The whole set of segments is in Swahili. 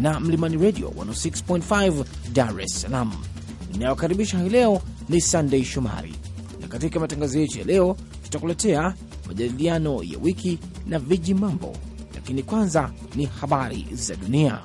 na Mlimani Radio 106.5 Dar es Salaam. Inayokaribisha hii leo ni Sunday Shomari, na katika matangazo yetu ya leo tutakuletea majadiliano ya wiki na viji mambo, lakini kwanza ni habari za dunia.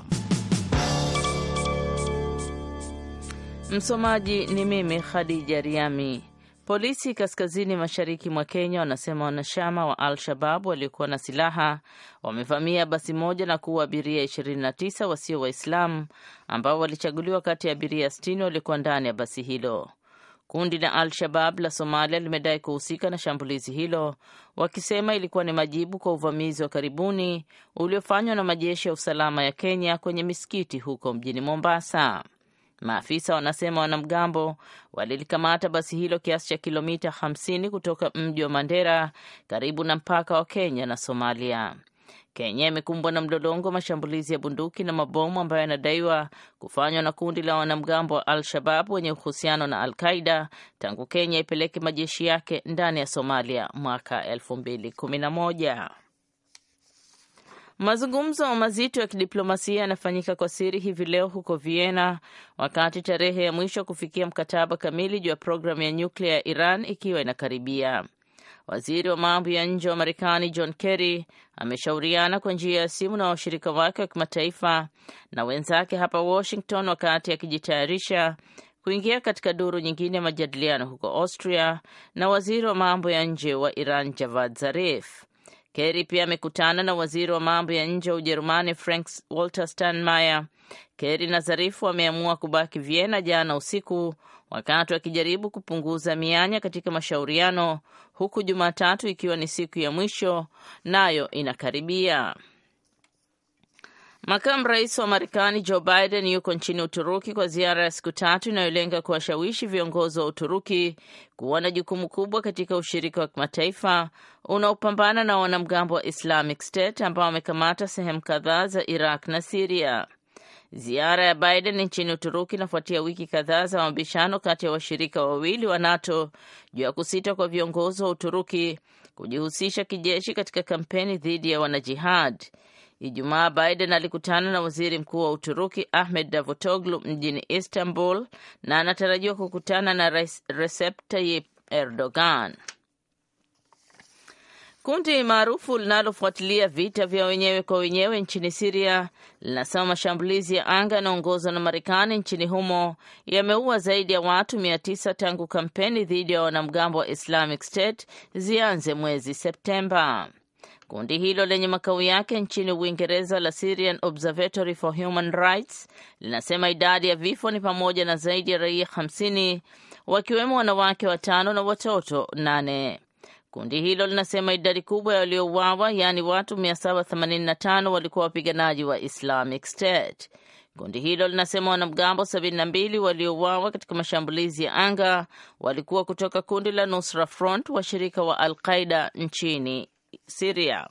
Msomaji ni mimi Khadija Riami. Polisi kaskazini mashariki mwa Kenya wanasema wanachama wa Al-Shabab waliokuwa na silaha wamevamia basi moja na kuua abiria 29 wasio Waislamu ambao walichaguliwa kati ya abiria 60 waliokuwa ndani ya basi hilo. Kundi la Al-Shabab la Somalia limedai kuhusika na shambulizi hilo, wakisema ilikuwa ni majibu kwa uvamizi wa karibuni uliofanywa na majeshi ya usalama ya Kenya kwenye misikiti huko mjini Mombasa. Maafisa wanasema wanamgambo walilikamata basi hilo kiasi cha kilomita 50 kutoka mji wa Mandera karibu na mpaka wa Kenya na Somalia. Kenya imekumbwa na mlolongo wa mashambulizi ya bunduki na mabomu ambayo yanadaiwa kufanywa na kundi la wanamgambo wa Al-Shabab wenye uhusiano na Al-Qaida tangu Kenya ipeleke majeshi yake ndani ya Somalia mwaka 211 Mazungumzo mazito ya kidiplomasia yanafanyika kwa siri hivi leo huko Vienna, wakati tarehe ya mwisho kufikia mkataba kamili juu ya programu ya nyuklia ya Iran ikiwa inakaribia. Waziri wa mambo ya nje wa Marekani John Kerry ameshauriana kwa njia ya simu na washirika wake wa kimataifa na wenzake hapa Washington, wakati akijitayarisha kuingia katika duru nyingine ya majadiliano huko Austria na waziri wa mambo ya nje wa Iran Javad Zarif. Kerry pia amekutana na waziri wa mambo ya nje wa Ujerumani Frank Walter Steinmeier. Kerry na Zarifu wameamua kubaki Vienna jana usiku wakati wakijaribu kupunguza mianya katika mashauriano, huku Jumatatu ikiwa ni siku ya mwisho nayo inakaribia. Makamu rais wa Marekani Joe Biden yuko nchini Uturuki kwa ziara ya siku tatu inayolenga kuwashawishi viongozi wa Uturuki kuwa na jukumu kubwa katika ushirika wa kimataifa unaopambana na wanamgambo wa Islamic State ambao wamekamata sehemu kadhaa za Iraq na Siria. Ziara ya Biden nchini Uturuki inafuatia wiki kadhaa za mabishano kati ya washirika wawili wa NATO juu ya kusita kwa viongozi wa Uturuki kujihusisha kijeshi katika kampeni dhidi ya wanajihad. Ijumaa Biden alikutana na waziri mkuu wa Uturuki Ahmed Davutoglu mjini Istanbul na anatarajiwa kukutana na Recep Tayyip Erdogan. Kundi maarufu linalofuatilia vita vya wenyewe kwa wenyewe nchini Siria linasema mashambulizi ya anga yanaongozwa na Marekani nchini humo yameua zaidi ya watu mia tisa tangu kampeni dhidi ya wanamgambo wa Islamic State zianze mwezi Septemba. Kundi hilo lenye makao yake nchini Uingereza la Syrian Observatory for Human Rights linasema idadi ya vifo ni pamoja na zaidi ya raia 50 wakiwemo wanawake watano na watoto nane. Kundi hilo linasema idadi kubwa ya waliouawa, yaani watu 785 walikuwa wapiganaji wa Islamic State. Kundi hilo linasema wanamgambo 72 waliouawa katika mashambulizi ya anga walikuwa kutoka kundi la Nusra Front, washirika wa Al Qaida nchini Siria.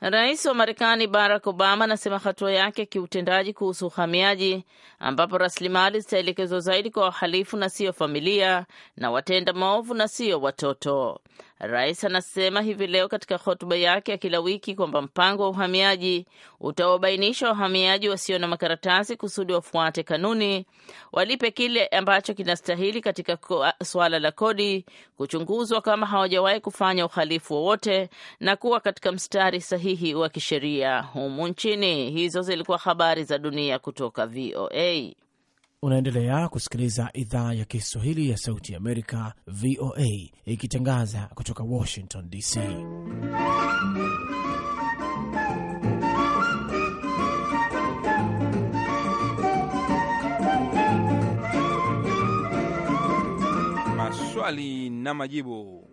Rais wa Marekani Barack Obama anasema hatua yake ya kiutendaji kuhusu uhamiaji, ambapo rasilimali zitaelekezwa zaidi kwa wahalifu na siyo familia na watenda maovu na siyo watoto, Rais anasema hivi leo katika hotuba yake ya kila wiki kwamba mpango wa uhamiaji utawabainisha wahamiaji wasio na makaratasi kusudi wafuate kanuni, walipe kile ambacho kinastahili katika suala la kodi, kuchunguzwa kama hawajawahi kufanya uhalifu wowote na kuwa katika mstari sahihi wa kisheria humu nchini. Hizo zilikuwa habari za dunia kutoka VOA. Unaendelea kusikiliza idhaa ya Kiswahili ya Sauti ya Amerika, VOA, ikitangaza kutoka Washington DC. Maswali na majibu.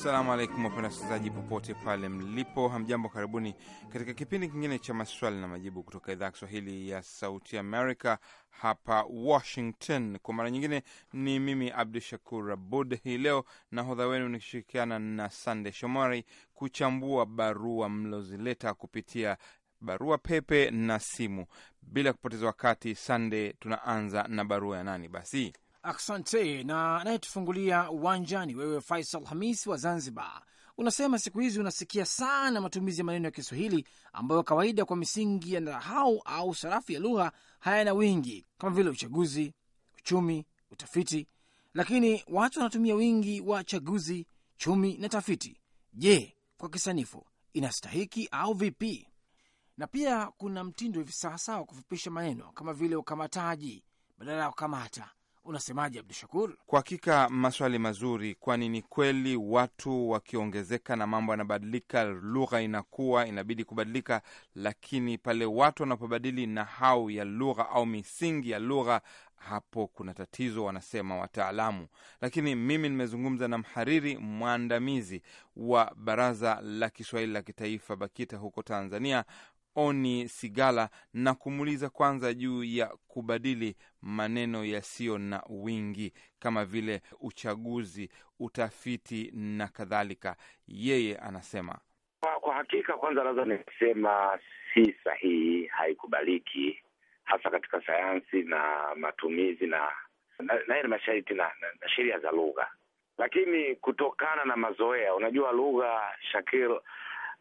Assalamu alaikum wapenda wasikilizaji popote pale mlipo, hamjambo, karibuni katika kipindi kingine cha maswali na majibu kutoka idhaa ya Kiswahili ya Sauti Amerika hapa Washington. Kwa mara nyingine ni mimi Abdu Shakur Abud hii leo nahodha wenu nikishirikiana na Sande Shomari kuchambua barua mlozileta kupitia barua pepe na simu. Bila kupoteza wakati, Sande, tunaanza na barua ya nani basi? Asante. Na anayetufungulia uwanja ni wewe Faisal Hamis wa Zanzibar. Unasema siku hizi unasikia sana matumizi ya maneno ya Kiswahili ambayo kawaida kwa misingi ya narahau au sarafu ya lugha hayana wingi, kama vile uchaguzi, uchumi, utafiti, lakini watu wanatumia wingi wa chaguzi, chumi na tafiti. Je, kwa kisanifu inastahiki au vipi? Na pia kuna mtindo hivi sasa wa kufupisha maneno kama vile ukamataji badala ya kukamata Unasemaje Abdu Shakur? Kwa hakika maswali mazuri, kwani ni kweli watu wakiongezeka na mambo yanabadilika, lugha inakuwa inabidi kubadilika. Lakini pale watu wanapobadili nahau ya lugha au misingi ya lugha, hapo kuna tatizo, wanasema wataalamu. Lakini mimi nimezungumza na mhariri mwandamizi wa Baraza la Kiswahili la Kitaifa BAKITA huko Tanzania, Oni Sigala na kumuuliza kwanza juu ya kubadili maneno yasiyo na wingi kama vile uchaguzi, utafiti na kadhalika. Yeye anasema kwa hakika, kwanza naweza nikisema si sahihi, haikubaliki hasa katika sayansi na matumizi na naye na masharti na, na, na sheria za lugha, lakini kutokana na mazoea, unajua lugha Shakir,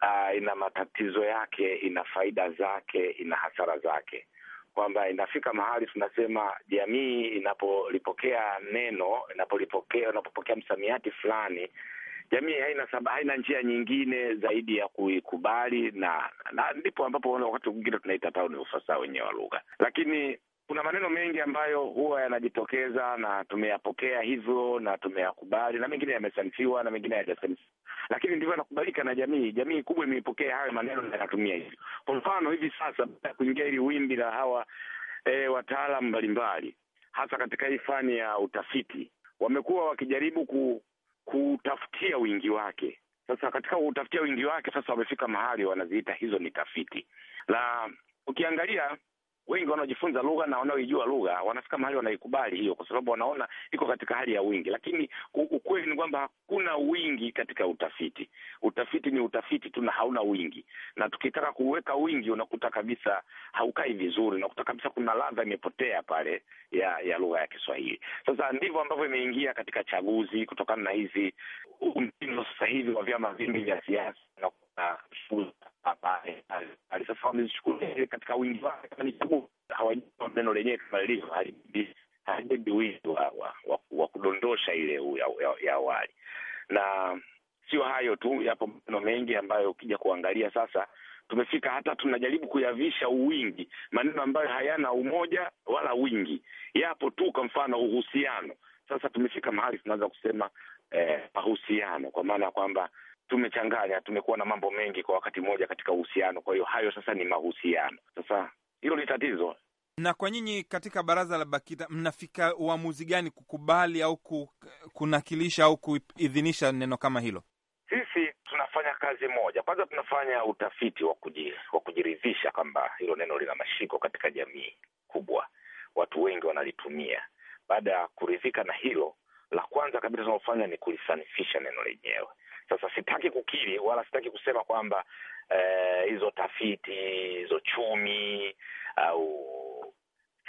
uh, ina matatizo yake, ina faida zake, ina hasara zake, kwamba inafika mahali tunasema jamii inapolipokea neno, inapolipokea, unapopokea msamiati fulani jamii haina saba, haina njia nyingine zaidi ya kuikubali, na na ndipo ambapo wakati mwingine tunaita tao ni ufasaha wenyewe wa lugha. Lakini kuna maneno mengi ambayo huwa yanajitokeza na tumeyapokea hivyo na tumeyakubali, na mengine yamesanifiwa na mengine hayajasanifiwa, lakini ndivyo anakubalika na jamii. Jamii kubwa imeipokea hayo maneno na yanatumia hivyo. Kwa mfano, hivi sasa baada ya kuingia hili wimbi la hawa e, wataalam mbalimbali, hasa katika hii fani ya utafiti, wamekuwa wakijaribu ku, kutafutia wingi wake. Sasa katika kutafutia wingi wake, sasa wamefika mahali wanaziita hizo ni tafiti, na ukiangalia wengi wanaojifunza lugha na wanaoijua lugha wanafika mahali wanaikubali hiyo, kwa sababu wanaona iko katika hali ya wingi, lakini ukweli ni kwamba hakuna wingi katika utafiti. Utafiti ni utafiti tu na hauna wingi, na tukitaka kuweka wingi unakuta kabisa haukai vizuri, unakuta kabisa kuna ladha imepotea pale ya ya lugha ya Kiswahili. Sasa ndivyo ambavyo imeingia katika chaguzi kutokana na hizi mtindo sasa hivi wa vyama vingi vya siasa na ambaye eh, alisasa eh, katika wingi wake kama ni chaguo, hawajua neno lenyewe kama lilivyo halibebi wingi wa kudondosha ile ya awali. Na sio hayo tu, yapo maneno mengi ambayo ukija kuangalia sasa tumefika hata tunajaribu kuyavisha uwingi maneno ambayo hayana umoja wala wingi, yapo tu. Kwa mfano uhusiano, sasa tumefika mahali tunaweza kusema eh, mahusiano, kwa maana ya kwamba tumechanganya, tumekuwa na mambo mengi kwa wakati mmoja katika uhusiano. Kwa hiyo hayo sasa ni mahusiano. Sasa hilo ni tatizo. Na kwa nyinyi katika baraza la BAKITA mnafika uamuzi gani, kukubali au kunakilisha au kuidhinisha neno kama hilo? Sisi tunafanya kazi moja. Kwanza tunafanya utafiti wa kujiridhisha kwamba hilo neno lina mashiko katika jamii kubwa, watu wengi wanalitumia. Baada ya kuridhika na hilo, la kwanza kabisa tunalofanya ni kulisanifisha neno lenyewe. Sasa sitaki kukiri wala sitaki kusema kwamba eh, hizo tafiti hizo chumi au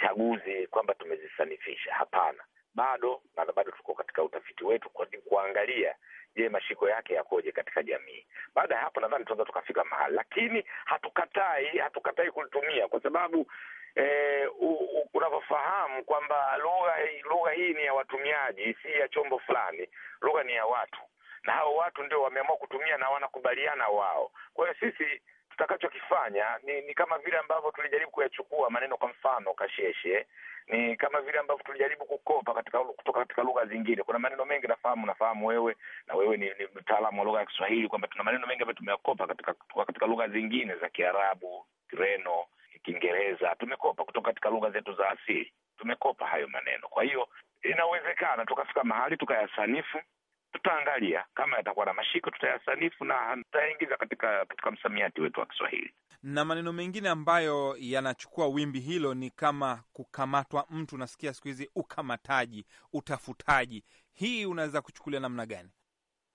chaguzi kwamba tumezisanifisha. Hapana, bado na bado tuko katika utafiti wetu kwa kuangalia, je, mashiko yake yakoje katika jamii. Baada ya hapo, nadhani tunaweza tukafika mahali, lakini hatukatai, hatukatai kulitumia kwa sababu eh, unavyofahamu kwamba lugha lugha hii ni ya watumiaji, si ya chombo fulani. Lugha ni ya watu na hao watu ndio wameamua kutumia na wanakubaliana wao. Kwa hiyo sisi tutakachokifanya ni, ni kama vile ambavyo tulijaribu kuyachukua maneno, kwa mfano kasheshe, ni kama vile ambavyo tulijaribu kukopa katika, kutoka katika lugha zingine. Kuna maneno mengi nafahamu, nafahamu wewe na wewe ni, ni mtaalamu wa lugha ya Kiswahili kwamba tuna maneno mengi ambayo tumeyakopa katika, katika lugha zingine za Kiarabu, Kireno, Kiingereza. Tumekopa kutoka katika lugha zetu za asili, tumekopa hayo maneno. Kwa hiyo inawezekana tukafika mahali tukayasanifu tutaangalia kama yatakuwa na mashiko, tutayasanifu na tutayaingiza katika katika msamiati wetu wa Kiswahili. Na maneno mengine ambayo yanachukua wimbi hilo ni kama kukamatwa mtu. Unasikia siku hizi ukamataji, utafutaji, hii unaweza kuchukulia namna gani?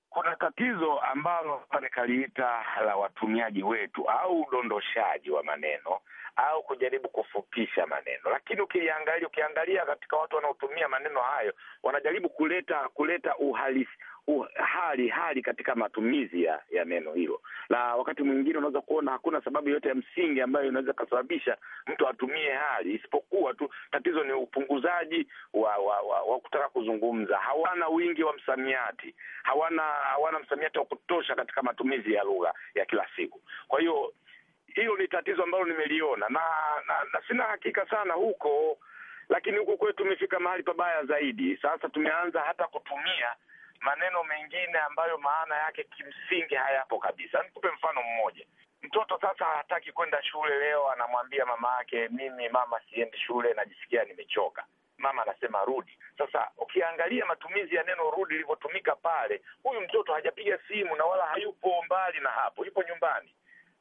Kuna tatizo ambalo hapa nikaliita la watumiaji wetu au udondoshaji wa maneno au kujaribu kufupisha maneno, lakini ukiangalia ukiangalia katika watu wanaotumia maneno hayo wanajaribu kuleta kuleta uhalisi hali hali katika matumizi ya, ya neno hilo, na wakati mwingine unaweza kuona hakuna sababu yoyote ya msingi ambayo inaweza ikasababisha mtu atumie hali, isipokuwa tu tatizo ni upunguzaji wa wa, wa, wa kutaka kuzungumza. Hawana wingi wa msamiati, hawana hawana msamiati wa kutosha katika matumizi ya lugha ya kila siku. Kwa hiyo hilo ni tatizo ambalo nimeliona na, na, na sina hakika sana huko, lakini huko kwetu tumefika mahali pabaya zaidi. Sasa tumeanza hata kutumia maneno mengine ambayo maana yake kimsingi hayapo kabisa. Nikupe mfano mmoja. Mtoto sasa hataki kwenda shule leo, anamwambia mama yake, mimi mama, siendi shule, najisikia nimechoka. Mama anasema rudi. Sasa ukiangalia matumizi ya neno rudi ilivyotumika pale, huyu mtoto hajapiga simu na wala hayupo mbali na hapo, yupo nyumbani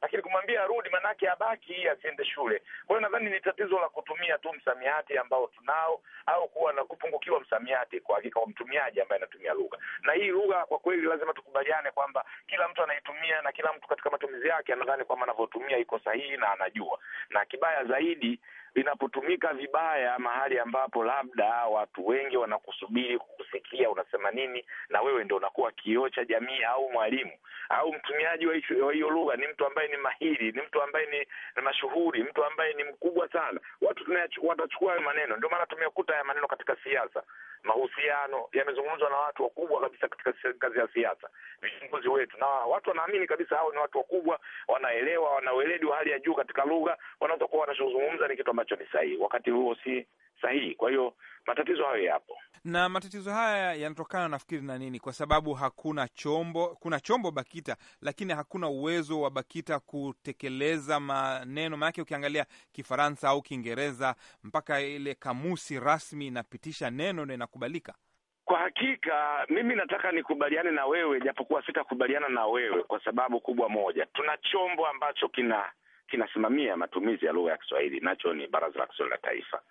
lakini kumwambia arudi, maanake abaki hii, asiende shule. Kwa hiyo nadhani ni tatizo la kutumia tu msamiati ambao tunao au kuwa na kupungukiwa msamiati kwa hakika wa mtumiaji ambaye anatumia lugha. Na hii lugha kwa kweli lazima tukubaliane kwamba kila mtu anaitumia na kila mtu katika matumizi yake anadhani kwamba anavyotumia iko sahihi na anajua, na kibaya zaidi inapotumika vibaya mahali ambapo labda watu wengi wanakusubiri kukusikia unasema nini, na wewe ndo unakuwa kioo cha jamii, au mwalimu au mtumiaji wa hiyo lugha ni mtu ambaye ni mahiri, ni mtu ambaye ni mashuhuri, mtu ambaye ni mkubwa sana, watu watachukua hayo maneno. Ndio maana tumekuta haya maneno katika siasa mahusiano yamezungumzwa na watu wakubwa kabisa katika ngazi ya siasa, viongozi wetu, na watu wanaamini kabisa hao ni watu wakubwa, wanaelewa, wana weledi wa hali ya juu katika lugha, wanaweza kuwa wanachozungumza ni kitu ambacho ni sahihi, wakati huo si sahihi. Kwa hiyo matatizo hayo yapo. Na matatizo haya yanatokana nafikiri na nini? Kwa sababu hakuna chombo, kuna chombo BAKITA lakini hakuna uwezo wa BAKITA kutekeleza maneno. Maanake ukiangalia Kifaransa au Kiingereza, mpaka ile kamusi rasmi inapitisha neno na inakubalika. Kwa hakika mimi nataka nikubaliane na wewe, japokuwa sitakubaliana na wewe kwa sababu kubwa moja, tuna chombo ambacho kina kinasimamia matumizi ya lugha ya Kiswahili, nacho ni Baraza la Kiswahili la Taifa.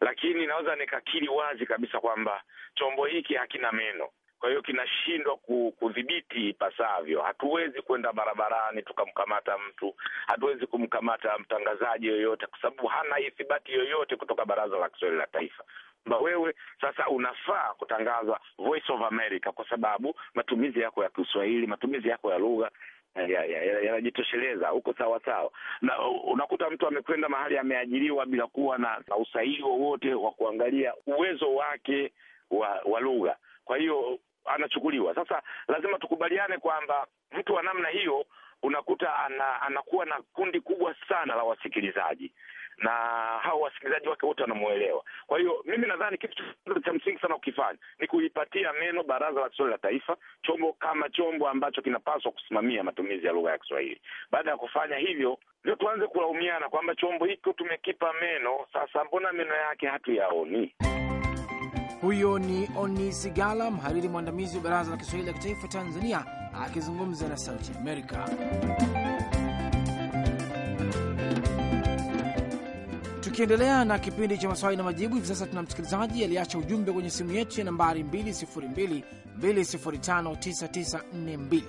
Lakini naweza nikakiri wazi kabisa kwamba chombo hiki hakina meno, kwa hiyo kinashindwa kudhibiti ipasavyo. Hatuwezi kwenda barabarani tukamkamata mtu, hatuwezi kumkamata mtangazaji yoyote, kwa sababu hana ithibati yoyote kutoka Baraza la Kiswahili la Taifa kwamba wewe sasa unafaa kutangaza Voice of America kwa sababu matumizi yako ya Kiswahili, matumizi yako ya lugha yanajitosheleza ya, ya, ya, huko sawasawa. Na unakuta mtu amekwenda mahali ameajiriwa bila kuwa na, na usahihi wowote wa kuangalia uwezo wake wa, wa lugha, kwa hiyo anachukuliwa. Sasa lazima tukubaliane kwamba mtu wa namna hiyo unakuta ana, anakuwa na kundi kubwa sana la wasikilizaji na hao wasikilizaji wake wote wanamwelewa. Kwa hiyo mimi nadhani kitu cha msingi sana ukifanya ni kuipatia meno Baraza la Kiswahili la Taifa, chombo kama chombo ambacho kinapaswa kusimamia matumizi ya lugha ya Kiswahili. Baada ya kufanya hivyo, ndio tuanze kulaumiana kwamba chombo hiko tumekipa meno, sasa mbona meno yake hatuyaoni? Huyo ni Oni Sigala, mhariri mwandamizi wa Baraza la Kiswahili la Kitaifa Tanzania, akizungumza na Sauti Amerika. Tukiendelea na kipindi cha maswali na majibu, hivi sasa tuna msikilizaji aliacha ujumbe kwenye simu yetu ya nambari 2022059942.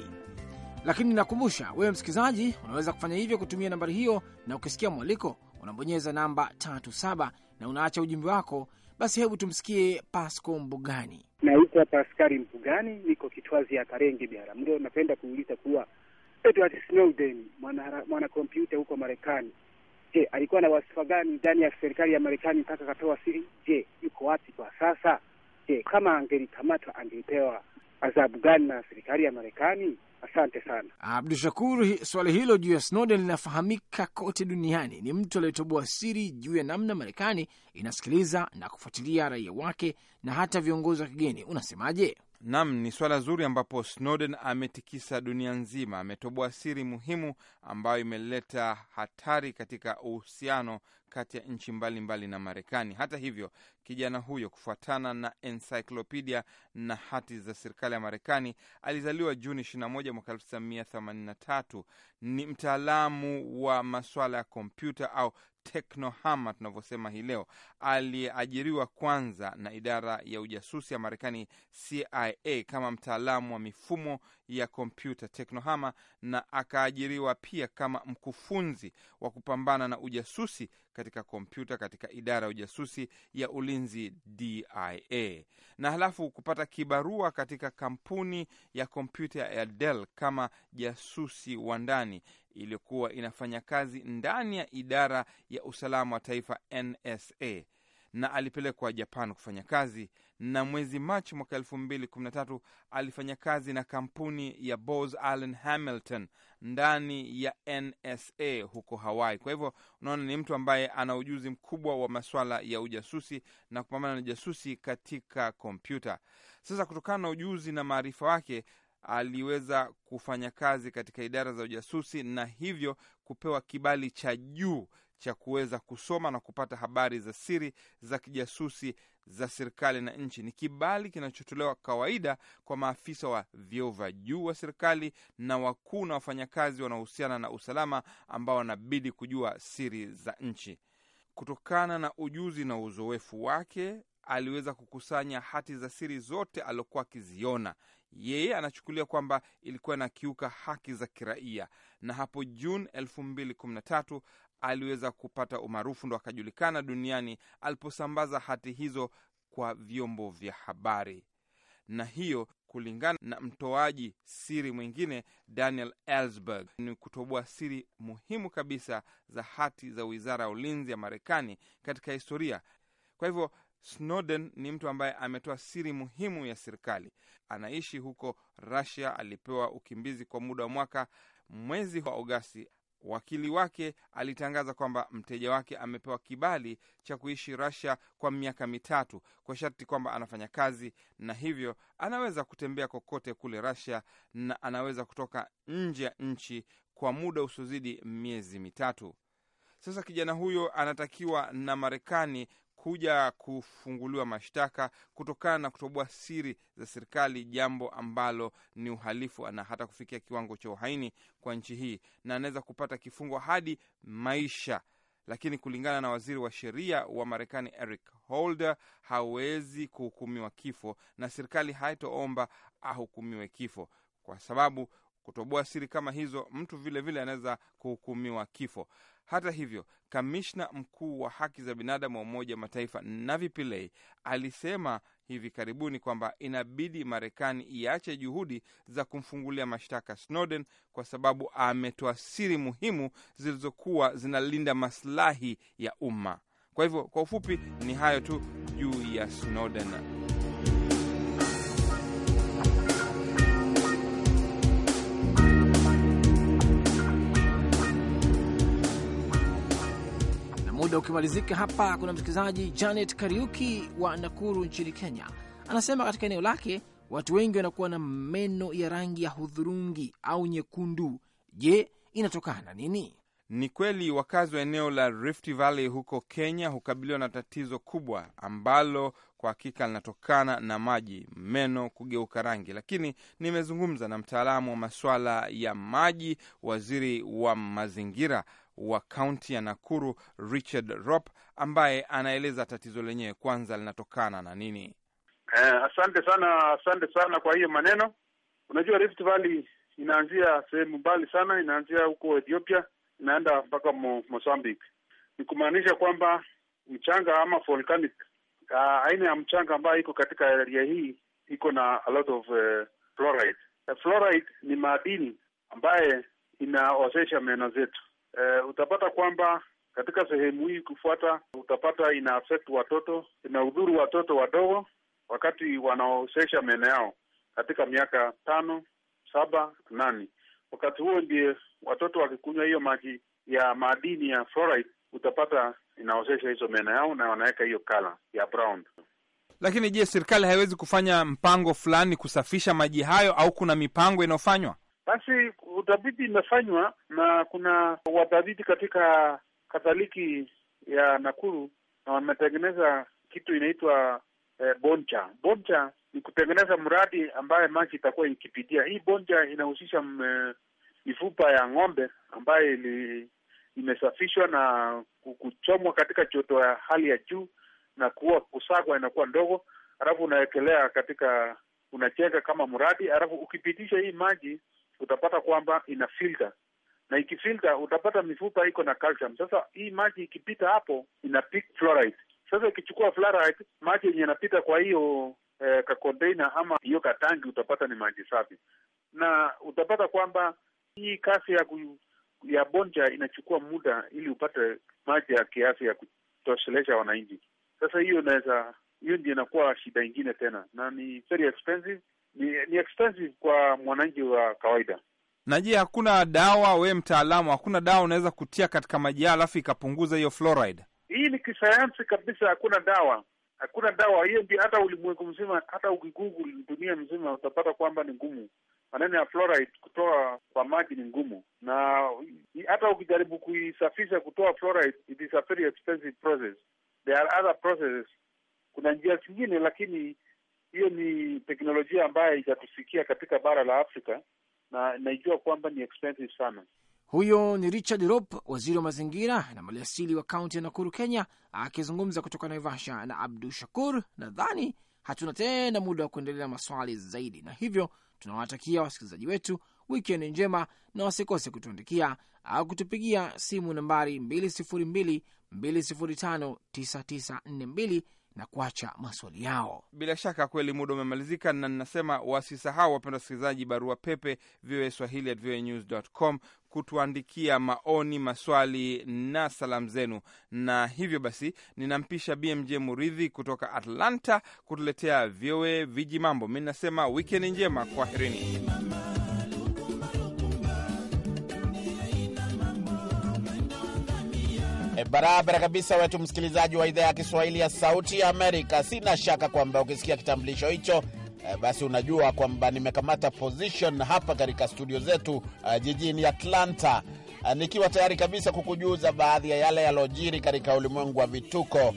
Lakini nakumbusha wewe msikilizaji, unaweza kufanya hivyo kutumia nambari hiyo, na ukisikia mwaliko unabonyeza namba 37 na unaacha ujumbe wako. Basi hebu tumsikie Pasco Mbugani. Naitwa Paskari Mbugani, niko Kitwazi ya Karenge, Biharamulo. Napenda kuuliza kuwa Edward Snowden, mwana kompyuta huko Marekani Je, alikuwa na wasifa gani ndani ya serikali ya Marekani mpaka akatoa siri? Je, yuko wapi kwa sasa? Je, kama angelikamatwa angelipewa adhabu gani na serikali ya Marekani? Asante sana Abdu Shakur. Swali hilo juu ya Snowden linafahamika kote duniani. Ni mtu aliyetoboa siri juu ya namna Marekani inasikiliza na kufuatilia raia wake na hata viongozi wa kigeni. Unasemaje? Nam, ni swala zuri ambapo Snowden ametikisa dunia nzima. Ametoboa siri muhimu ambayo imeleta hatari katika uhusiano kati ya nchi mbalimbali na Marekani. Hata hivyo, kijana huyo, kufuatana na encyclopedia na hati za serikali ya Marekani, alizaliwa Juni 21 mwaka 1983. Ni mtaalamu wa maswala ya kompyuta au teknohama tunavyosema hii leo, aliyeajiriwa kwanza na idara ya ujasusi ya Marekani CIA kama mtaalamu wa mifumo ya kompyuta Teknohama, na akaajiriwa pia kama mkufunzi wa kupambana na ujasusi katika kompyuta katika idara ya ujasusi ya ulinzi DIA, na halafu kupata kibarua katika kampuni ya kompyuta ya Dell kama jasusi wa ndani iliyokuwa inafanya kazi ndani ya idara ya usalama wa taifa NSA na alipelekwa Japan kufanya kazi, na mwezi Machi mwaka tatu alifanya kazi na kampuni ya Bose Allen Hamilton ndani ya NSA huko Hawaii. Kwa hivyo unaona ni mtu ambaye ana ujuzi mkubwa wa maswala ya ujasusi na kupambana na ujasusi katika kompyuta. Sasa kutokana na ujuzi na maarifa wake aliweza kufanya kazi katika idara za ujasusi na hivyo kupewa kibali cha juu cha kuweza kusoma na kupata habari za siri za kijasusi za serikali na nchi. Ni kibali kinachotolewa kawaida kwa maafisa wa vyeo vya juu wa serikali na wakuu na wafanyakazi wanaohusiana na usalama ambao wanabidi kujua siri za nchi. Kutokana na ujuzi na uzoefu wake aliweza kukusanya hati za siri zote aliokuwa akiziona, yeye anachukulia kwamba ilikuwa inakiuka haki za kiraia, na hapo Juni 2013 aliweza kupata umaarufu, ndo akajulikana duniani aliposambaza hati hizo kwa vyombo vya habari, na hiyo kulingana na mtoaji siri mwingine Daniel Ellsberg ni kutoboa siri muhimu kabisa za hati za wizara ya ulinzi ya Marekani katika historia. Kwa hivyo Snowden ni mtu ambaye ametoa siri muhimu ya serikali. Anaishi huko Russia, alipewa ukimbizi kwa muda wa mwaka. Mwezi wa Agosti, wakili wake alitangaza kwamba mteja wake amepewa kibali cha kuishi Russia kwa miaka mitatu kwa sharti kwamba anafanya kazi, na hivyo anaweza kutembea kokote kule Russia na anaweza kutoka nje ya nchi kwa muda usiozidi miezi mitatu. Sasa kijana huyo anatakiwa na Marekani kuja kufunguliwa mashtaka kutokana na kutoboa siri za serikali, jambo ambalo ni uhalifu na hata kufikia kiwango cha uhaini kwa nchi hii, na anaweza kupata kifungo hadi maisha. Lakini kulingana na waziri wa sheria wa Marekani Eric Holder, hawezi kuhukumiwa kifo na serikali haitoomba ahukumiwe kifo kwa sababu Kutoboa siri kama hizo, mtu vilevile anaweza kuhukumiwa kifo. Hata hivyo, kamishna mkuu wa haki za binadamu wa Umoja wa Mataifa Navi Pillay alisema hivi karibuni kwamba inabidi Marekani iache juhudi za kumfungulia mashtaka Snowden kwa sababu ametoa siri muhimu zilizokuwa zinalinda maslahi ya umma. Kwa hivyo, kwa ufupi ni hayo tu juu ya Snowden. muda ukimalizika hapa, kuna msikilizaji Janet Kariuki wa Nakuru nchini Kenya anasema katika eneo lake watu wengi wanakuwa na meno ya rangi ya hudhurungi au nyekundu. Je, inatokana nini? Ni kweli wakazi wa eneo la Rift Valley huko Kenya hukabiliwa na tatizo kubwa ambalo kwa hakika linatokana na maji, meno kugeuka rangi. Lakini nimezungumza na mtaalamu wa masuala ya maji, waziri wa mazingira wa kaunti ya Nakuru Richard Rop, ambaye anaeleza tatizo lenyewe kwanza linatokana na nini. Eh, asante sana, asante sana kwa hiyo maneno. Unajua, Rift Valley inaanzia sehemu mbali sana, inaanzia huko Ethiopia inaenda mpaka Mo, Mozambique. Ni kumaanisha kwamba mchanga ama volcanic uh, aina ya mchanga ambayo iko katika area hii iko na a lot of uh, fluoride. Uh, fluoride ni madini ambaye inaozesha meno zetu e, utapata kwamba katika sehemu hii kufuata, utapata ina affect watoto, ina udhuru watoto wadogo wakati wanaosesha meno yao katika miaka tano, saba, nane. Wakati huo ndiye watoto wakikunywa hiyo maji ya madini ya fluoride, utapata inaosesha hizo meno yao na wanaweka hiyo kala ya brown. Lakini je, serikali haiwezi kufanya mpango fulani kusafisha maji hayo, au kuna mipango inayofanywa? Basi utafiti imefanywa na kuna watafiti katika kadhaliki ya Nakuru na wametengeneza kitu inaitwa eh, boncha. Boncha ni kutengeneza mradi ambaye maji itakuwa ikipitia. Hii boncha inahusisha mm, eh, mifupa ya ng'ombe ambayo ili imesafishwa na kuchomwa katika joto ya hali ya juu na kuwa kusagwa inakuwa ndogo, alafu unawekelea katika, unajenga kama mradi, alafu ukipitisha hii maji utapata kwamba ina filter na ikifilter utapata mifupa iko na calcium. Sasa hii maji ikipita hapo ina pick fluoride. Sasa ikichukua fluoride, maji yenye inapita kwa hiyo eh, ka container ama hiyo katangi, utapata ni maji safi, na utapata kwamba hii kasi ya ya bonja inachukua muda ili upate maji ya kiasi ya kutoshelesha wananchi. Sasa hiyo inaweza hiyo ndio inakuwa shida ingine tena, na ni very expensive ni, ni expensive kwa mwananchi wa kawaida. Na je, hakuna dawa, we mtaalamu, hakuna dawa unaweza kutia katika maji yao alafu ikapunguza hiyo fluoride? Hii ni kisayansi kabisa, hakuna dawa, hakuna dawa hiyo. Ndio hata ulimwengu mzima, hata ukigoogle dunia mzima utapata kwamba ni ngumu maneno ya fluoride kutoa kwa maji ni ngumu, na hata ukijaribu kuisafisha kutoa fluoride, it is a very expensive process. There are other processes, kuna njia zingine, lakini hiyo ni teknolojia ambayo haijatufikia katika bara la Afrika na naijua kwamba ni expensive sana. Huyo ni Richard Rop, waziri wa mazingira na maliasili wa kaunti ya Nakuru, Kenya, akizungumza kutoka Naivasha na Abdu Shakur. Nadhani hatuna tena muda wa kuendelea maswali zaidi, na hivyo tunawatakia wasikilizaji wetu wikendi njema na wasikose kutuandikia au kutupigia simu nambari 202 205 9942 na kuacha maswali yao. Bila shaka kweli muda umemalizika, na ninasema wasisahau, wapenda wasikilizaji, barua pepe voa swahili at voa news com kutuandikia maoni, maswali na salamu zenu. Na hivyo basi, ninampisha BMJ Muridhi kutoka Atlanta kutuletea VOA viji mambo. Mi nasema wikendi njema, kwaherini. Barabara kabisa, wetu msikilizaji wa idhaa ya Kiswahili ya Sauti ya Amerika. Sina shaka kwamba ukisikia kitambulisho hicho eh, basi unajua kwamba nimekamata position hapa katika studio zetu uh, jijini Atlanta uh, nikiwa tayari kabisa kukujuza baadhi ya yale yalojiri katika ulimwengu wa vituko,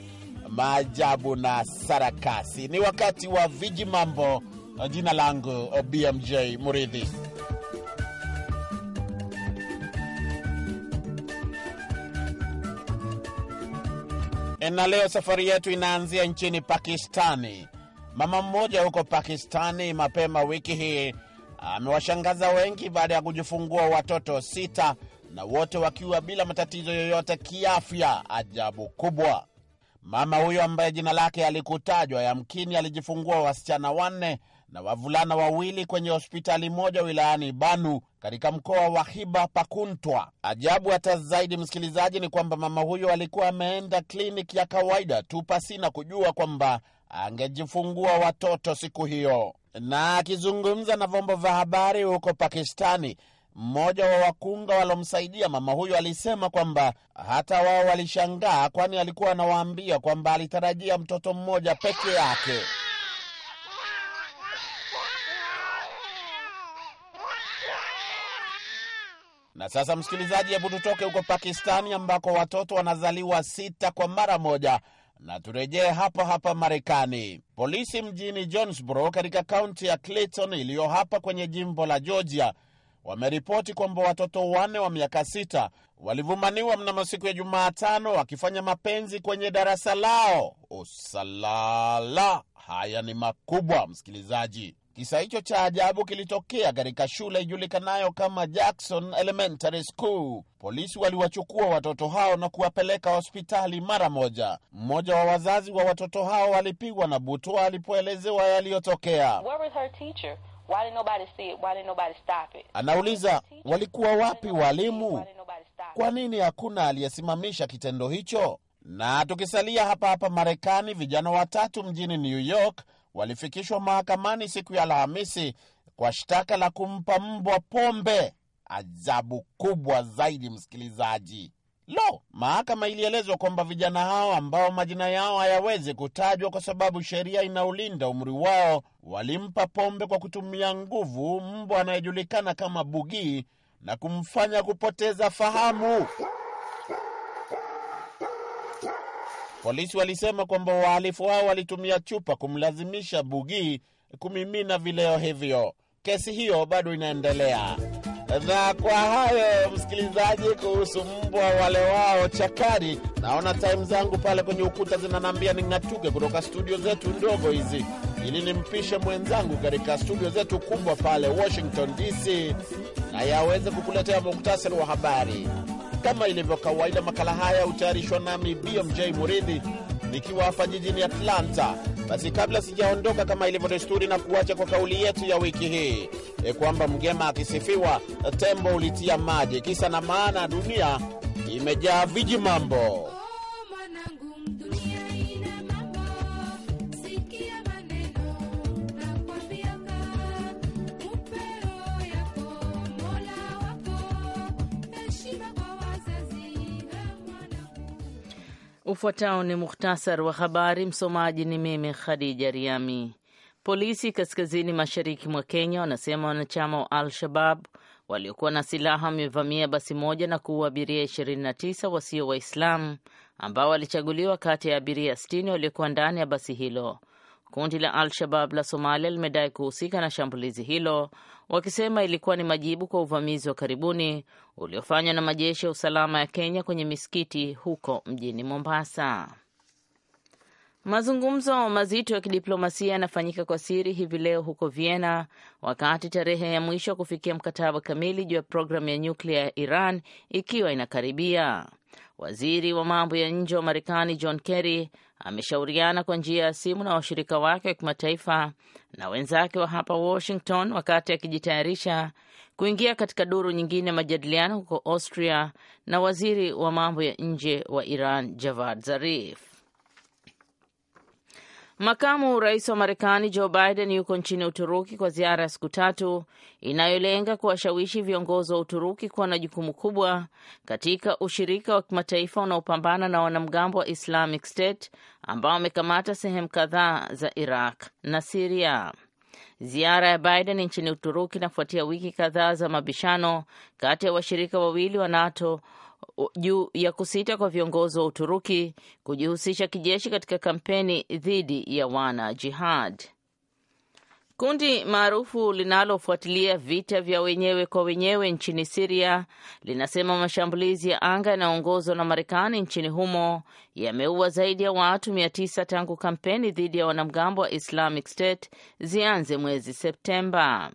maajabu na sarakasi. Ni wakati wa viji mambo. Jina langu BMJ Muridhi. Na leo safari yetu inaanzia nchini Pakistani. Mama mmoja huko Pakistani mapema wiki hii amewashangaza wengi baada ya kujifungua watoto sita na wote wakiwa bila matatizo yoyote kiafya. Ajabu kubwa! Mama huyo ambaye jina lake alikutajwa, yamkini alijifungua wasichana wanne na wavulana wawili kwenye hospitali moja wilayani Banu katika mkoa wa Hiba Pakuntwa. Ajabu hata zaidi, msikilizaji, ni kwamba mama huyo alikuwa ameenda kliniki ya kawaida tu pasina kujua kwamba angejifungua watoto siku hiyo. Na akizungumza na vyombo vya habari huko Pakistani, mmoja wa wakunga walomsaidia mama huyo alisema kwamba hata wao walishangaa, kwani alikuwa anawaambia kwamba alitarajia mtoto mmoja peke yake. Na sasa, msikilizaji, hebu tutoke huko Pakistani ambako watoto wanazaliwa sita kwa mara moja na turejee hapa hapa Marekani. Polisi mjini Jonesboro katika kaunti ya Clayton iliyo hapa kwenye jimbo la Georgia wameripoti kwamba watoto wanne wa miaka sita walivumaniwa mnamo siku ya Jumatano wakifanya mapenzi kwenye darasa lao. Usalala! Haya ni makubwa, msikilizaji. Kisa hicho cha ajabu kilitokea katika shule ijulikanayo kama Jackson Elementary School. Polisi waliwachukua watoto hao na kuwapeleka hospitali mara moja. Mmoja wa wazazi wa watoto hao walipigwa na butwa alipoelezewa yaliyotokea. Anauliza, walikuwa wapi walimu? Kwa nini hakuna aliyesimamisha kitendo hicho? Na tukisalia hapa hapa Marekani, vijana watatu mjini New York walifikishwa mahakamani siku ya Alhamisi kwa shtaka la kumpa mbwa pombe. Ajabu kubwa zaidi, msikilizaji. Lo, mahakama ilielezwa kwamba vijana hao ambao majina yao hayawezi kutajwa kwa sababu sheria inaulinda umri wao, walimpa pombe kwa kutumia nguvu mbwa anayejulikana kama Bugii na kumfanya kupoteza fahamu. Polisi walisema kwamba wahalifu hao walitumia chupa kumlazimisha Bugii kumimina vileo hivyo. Kesi hiyo bado inaendelea. Na kwa hayo msikilizaji, kuhusu mbwa wale wao chakari, naona taimu zangu pale kwenye ukuta zinanambia ning'atuke kutoka studio zetu ndogo hizi ili nimpishe mwenzangu katika studio zetu kubwa pale Washington DC, na yaweze kukuletea muktasari wa habari. Kama ilivyo kawaida, makala haya hutayarishwa nami BMJ Muridhi nikiwa hapa jijini Atlanta. Basi kabla sijaondoka, kama ilivyo desturi, na kuacha kwa kauli yetu ya wiki hii e, kwamba mgema akisifiwa tembo ulitia maji. Kisa na maana, dunia imejaa viji mambo. Ufuatao ni muhtasar wa habari. Msomaji ni mimi Khadija Riami. Polisi kaskazini mashariki mwa Kenya wanasema wanachama wa Al-Shabab waliokuwa na silaha wamevamia basi moja na kuua abiria 29 wasio Waislamu ambao walichaguliwa kati ya abiria 60 waliokuwa ndani ya basi hilo. Kundi la Al-Shabab la Somalia limedai kuhusika na shambulizi hilo, wakisema ilikuwa ni majibu kwa uvamizi wa karibuni uliofanywa na majeshi ya usalama ya Kenya kwenye misikiti huko mjini Mombasa. Mazungumzo mazito ya kidiplomasia yanafanyika kwa siri hivi leo huko Vienna, wakati tarehe ya mwisho kufikia mkataba kamili juu ya programu ya nyuklia ya Iran ikiwa inakaribia. Waziri wa mambo ya nje wa Marekani John Kerry ameshauriana kwa njia ya simu na washirika wake wa kimataifa na wenzake wa hapa Washington wakati akijitayarisha kuingia katika duru nyingine ya majadiliano huko Austria na waziri wa mambo ya nje wa Iran Javad Zarif. Makamu rais wa Marekani Joe Biden yuko nchini Uturuki kwa ziara ya siku tatu inayolenga kuwashawishi viongozi wa Uturuki kuwa na jukumu kubwa katika ushirika wa kimataifa unaopambana na wanamgambo wa Islamic State ambao wamekamata sehemu kadhaa za Iraq na Siria. Ziara ya Biden nchini Uturuki inafuatia wiki kadhaa za mabishano kati ya washirika wawili wa NATO juu ya kusita kwa viongozi wa Uturuki kujihusisha kijeshi katika kampeni dhidi ya wana jihad. Kundi maarufu linalofuatilia vita vya wenyewe kwa wenyewe nchini Siria linasema mashambulizi ya anga yanayoongozwa na Marekani nchini humo yameua zaidi ya watu mia tisa tangu kampeni dhidi ya wanamgambo wa Islamic State zianze mwezi Septemba.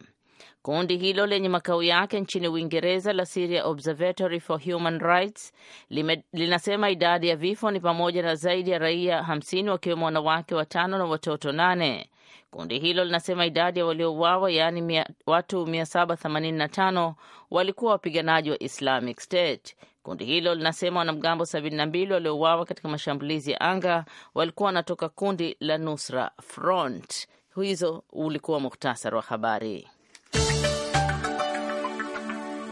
Kundi hilo lenye makao yake nchini Uingereza la Syria Observatory for Human Rights lime, linasema idadi ya vifo ni pamoja na zaidi ya raia 50 wakiwemo wanawake watano na watoto nane. Kundi hilo linasema idadi ya waliouawa yaani mia, watu 785 walikuwa wapiganaji wa Islamic State. Kundi hilo linasema wanamgambo 72 waliouawa katika mashambulizi ya anga walikuwa wanatoka kundi la Nusra Front. Hizo ulikuwa muhtasari wa habari.